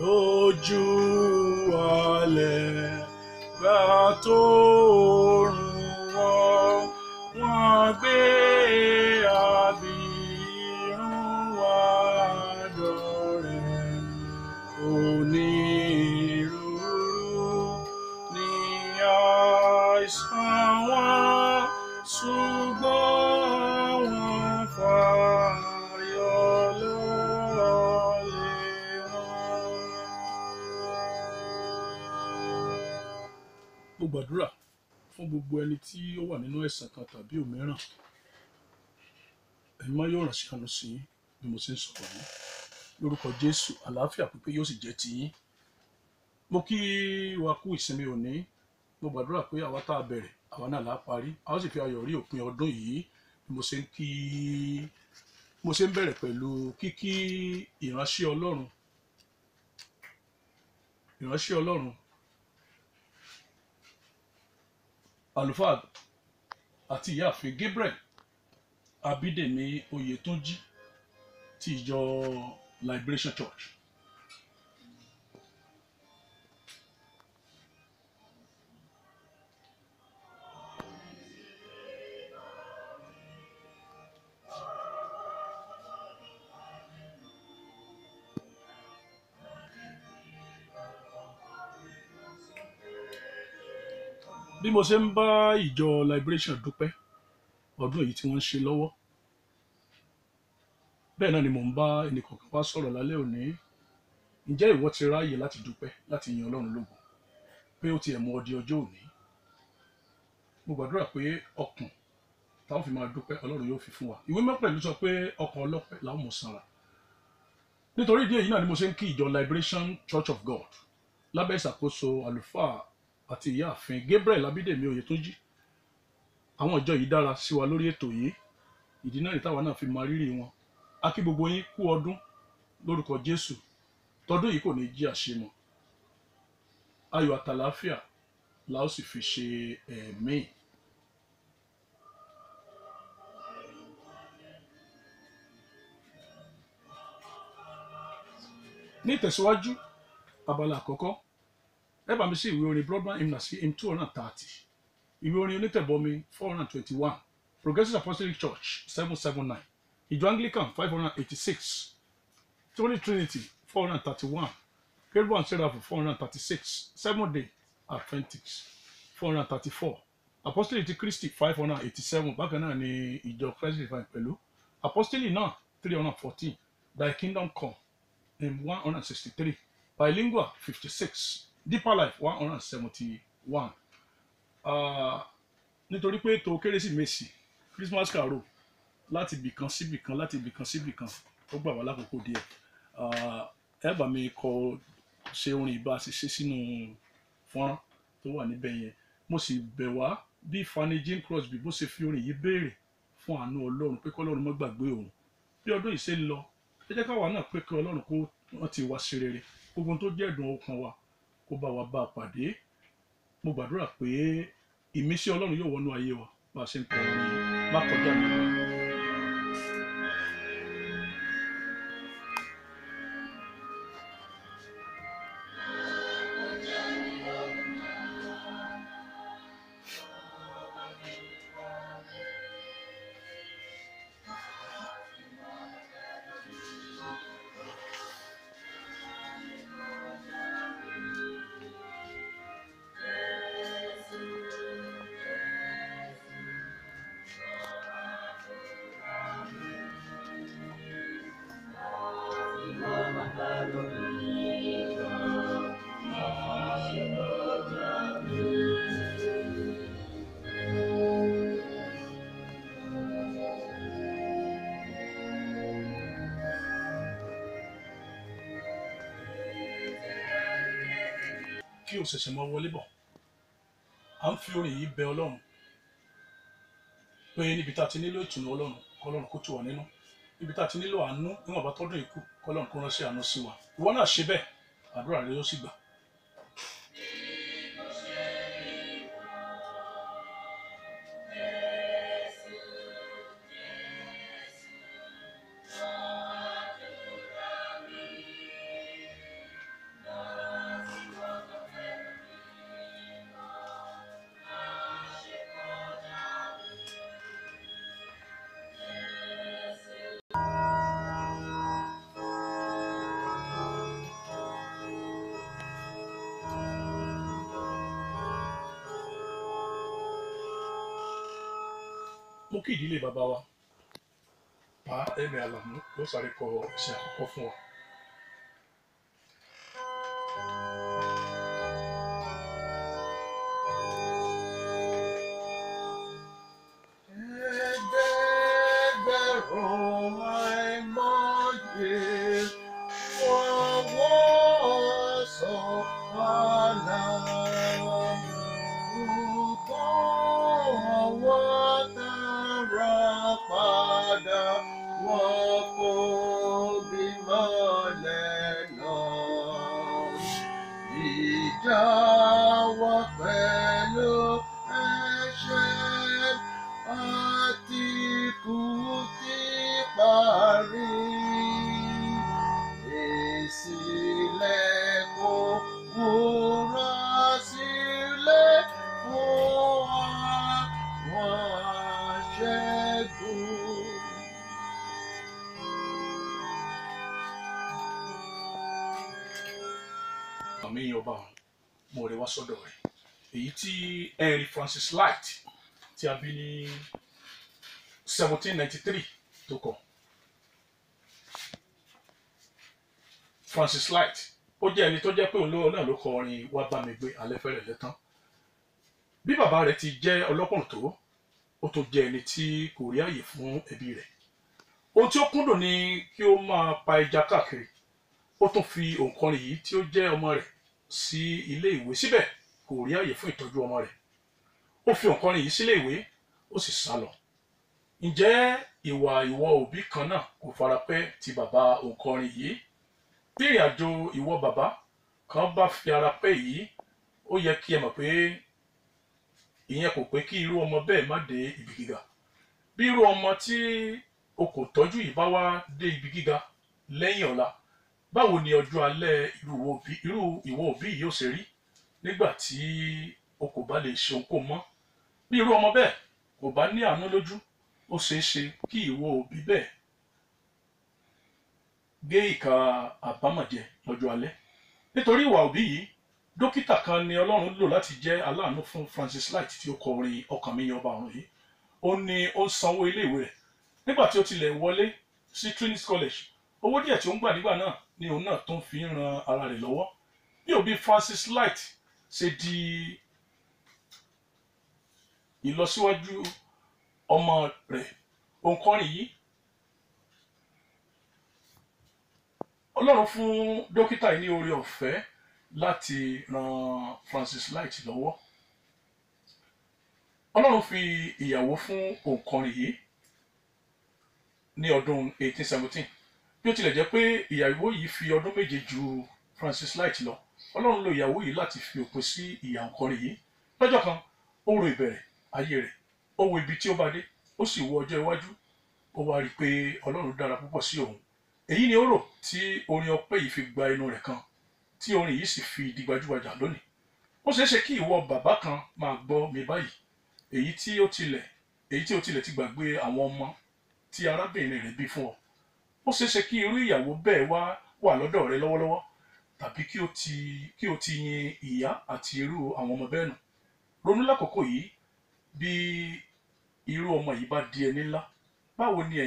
ojú alẹ̀ gbà tó. gbàdúrà fún gbogbo ẹni tí ó wà nínú ẹ̀sìn kan tàbí òmíràn ẹ̀mí máa yóò ràn sí àánú sí bí mo ṣe ń sọ̀rọ̀ yìí lórúkọ jésù àlàáfíà pípé yóò sì jẹ́ tiyín mo kí wa kú ìsinmi òní mo gbàdúrà pé àwa tá a bẹ̀rẹ̀ àwa náà là á parí a ó sì fi ayọ̀ rí òpin ọdún yìí bí mo ṣe ń kí mo ṣe ń bẹ̀rẹ̀ pẹ̀lú kíkí ìránṣẹ́ ọlọ́run ìránṣẹ́ ọlọ́run àlùfáà àti ìyáàfin Gabriel Abidemi Oyètúnjí ti ìjọ Liberation Church. bí mo ṣe ń bá ìjọ Liberation dúpẹ́ ọdún èyí tí wọ́n ń ṣe lọ́wọ́ bẹ́ẹ̀ náà ni mò ń bá ẹnìkọ̀ọ̀kan wá sọ̀rọ̀ lálẹ́ òní ǹjẹ́ ìwọ ti ráàyè láti dúpẹ́ láti yin Ọlọ́run lógo pé ó ti ẹ̀ mú ọ di ọjọ́ òní mo gbàdúrà pé ọkàn táwọn fi máa dúpẹ́ Ọlọ́run yóò fi fún wa ìwé mẹ́pẹ̀lú sọ pé ọkàn ọlọ́pẹ́ làwọn mọ̀ sanra nítorí ìdí èyí náà ni mo ṣe ń kí ìjọ Liberation Church of God lábẹ́ ìṣàkóso àlùfáà àti ìyáàfin Gabriel Abídèmí Oyètọ́jí àwọn ìjọ yìí dára sí wa lórí ètò yìí ìdí náà ìtawà náà fi mọ rírì wọn a kí gbogbo yín kú ọdún lórúkọ Jésù tọdún yìí kò ní jí àṣemọ ayọ̀ àtàlàáfíà la ó sì fi ṣe ẹ̀mí. Eh, ní ìtẹ̀síwájú abala àkọ́kọ́ ẹ bá mi sí ìwé orin broadband hymn sí hymn two hundred and thirty ìwé orin onítẹ̀bọmi four hundred and twenty one progressive apostolic church seven seven nine ìjọ anglican five hundred and eighty six holy trinity four hundred and thirty one kérúbù and seraphim four hundred and thirty six seventh day adventist four hundred and thirty four apostolic ti christy five hundred and eighty seven bákan náà ni ìjọ christ divine pẹ̀lú apostolic náà three hundred and fourteen thy kingdom come in one hundred and sixty three bilingual fifty six deeper life one hundred and seventy one ah, nítorí pé ètò kérésìmesì christmas carol láti bìkan síbìkan láti bìkan síbìkan ó gbà wá lákòókò díẹ̀ ah, ẹ bá mi kọ ṣe orin ìbá ṣiṣẹ sínú fọ́nrán tó wà níbẹ̀ yẹn mo sì bẹ̀ wá bí Fanny Jean Crosby bó ṣe fi orin yìí béèrè fún àánú Ọlọ́run pé kọ́lọ́run má gbàgbé òun bí ọdún yìí ṣe ń lọ ẹ jẹ́ káwa náà pé kí Ọlọ́run kó rántí wa sí rere gbogbo tó jẹ́ ẹ̀dùn ọkàn wa kó bá wa bá a pàdé mo gbàdúrà pé ìmísí ọlọ́run yóò wọnú ayé wa bá a ṣe ń tọrọ yìí e, má kọjá mi lọ. kí o ṣẹ̀ṣẹ̀ mọ wọlé bọ̀ à ń fi orin yìí bẹ ọlọ́run pé níbi tá a ti nílò ìtùnú ọlọ́run kọlọ́run kó tù wá nínú níbi tá a ti nílò àánú níwọ̀nba tọ́dún ìkú kọlọ́run kó ránṣẹ́ àánú sí wa ìwọ náà ṣe bẹ́ẹ̀ àdúrà rẹ yóò sì gbà mo kí ìdílé bàbá wa pa ẹ̀mí àlàmú ló sáré kọ iṣẹ́ àkọ́kọ́ fún wa. àmì ìyọba ọ̀hún mo rẹ wá sọ́dọ̀ rẹ̀ èyí tí Henry Francis Light tí a bí ní seventeen ninety three tó kọ Francis Light ó jẹ́ ẹni tó jẹ́ pé òun náà ló kọ orin wá bá mi gbé alẹ́ fẹ́rẹ̀ lẹ́tàn bí bàbá rẹ̀ ti jẹ́ ọlọ́kùnrin tó ó tó jẹ́ ẹni tí kò rí àyè fún ẹbí rẹ̀ ohun tí ó kúndùn ni kí ó máa pa ẹja káàkiri ó tún fi òǹkọrin yìí tí ó jẹ́ ọmọ rẹ̀ sí ilé ìwé síbẹ̀ kò rí àyè fún ìtọ́jú ọmọ rẹ̀ ó fi òǹkọrin yìí sílé ìwé ó sì sá lọ ǹjẹ́ ìwà ìwọ òbí kan náà kò farapẹ́ ti bàbá òǹkọrin yìí bí ìrìn àjò ìwọ bàbá kan bá fi ara pẹ́ yìí ó yẹ kí ẹ mọ̀ pé ìyẹn kò pé kí irú ọmọ bẹ́ẹ̀ má dé ibi gíga bí irú ọmọ tí o kò tọ́jú yìí bá wá dé ibi gíga lẹ́yìn ọ̀la báwo ni ọjọ́ alẹ́ irú ìwọ òbí yìí ó ṣe rí nígbà tí o kò bá lè ṣe ohunkóhun mọ́ bí irú ọmọ bẹ́ẹ̀ kò bá ní àánú lójú ó ṣeé ṣe kí ìwọ òbí bẹ́ẹ̀ gé ìka àbámọ̀jẹ lọ́jọ́ alẹ́ nítorí ìwà òbí yìí dókítà kan ni ọlọ́run lò láti jẹ́ aláàánú fún Francis Light tí ó kọ orin ọkàn mi yan ọba ọ̀run yìí ó ní ó sanwó iléèwé rẹ̀ nígbà tí ó tilẹ̀ wọlé sí Trinity College owó díẹ̀ tí ó ń gbà nígbà náà ni òun náà tó ń fi ran ara rẹ̀ lọ́wọ́ bí òbí Francis Light ṣe di ìlọsíwájú ọmọ rẹ̀ òǹkọrin yìí Ọlọ́run fún dókítà yìí ní oore ọ̀fẹ́ láti ran Francis Light lọ́wọ́ Ọlọ́run fi ìyàwó fún òǹkọrin yìí ní ọdún 1817 bí ó tilẹ̀ jẹ́ pé ìyàwó yìí fi ọdún méje ju Francis Light lọ ọlọ́run lo ìyàwó yìí láti fi òpin sí ìyà ńkọrí yìí lọ́jọ́ kan ó ro ìbẹ̀rẹ̀ ayé rẹ̀ ó wo ibi tí ó bá dé ó sì wo ọjọ́ iwájú ó wá rí i pé ọlọ́run dára púpọ̀ sí òun èyí ni ó rò tí orin ọpẹ́ yìí fi gba inú rẹ̀ kan tí orin yìí sì fi di gbajúgbajà lónìí ó ṣeé ṣe kí ìwọ bàbá kan máa gbọ́ mi báyìí èyí tí ó tilẹ̀ èyí tí ó tilẹ̀ ti gbàgbé àwọn ọmọ tí arábìnrin rẹ̀ bí fún ọ ó ṣeé ṣe kí irú ìyàwó bẹ́ẹ̀ wá wà lọ́dọ̀ rẹ lọ́wọ́lọ́wọ́ tàbí kí o ti kí o ti yin ìyá àti irú àwọn ọmọ bẹ́ẹ̀ nù ronú lákòókò yìí bí irú ọmọ yìí bá di ẹni ńlá báwo ni ẹ̀yin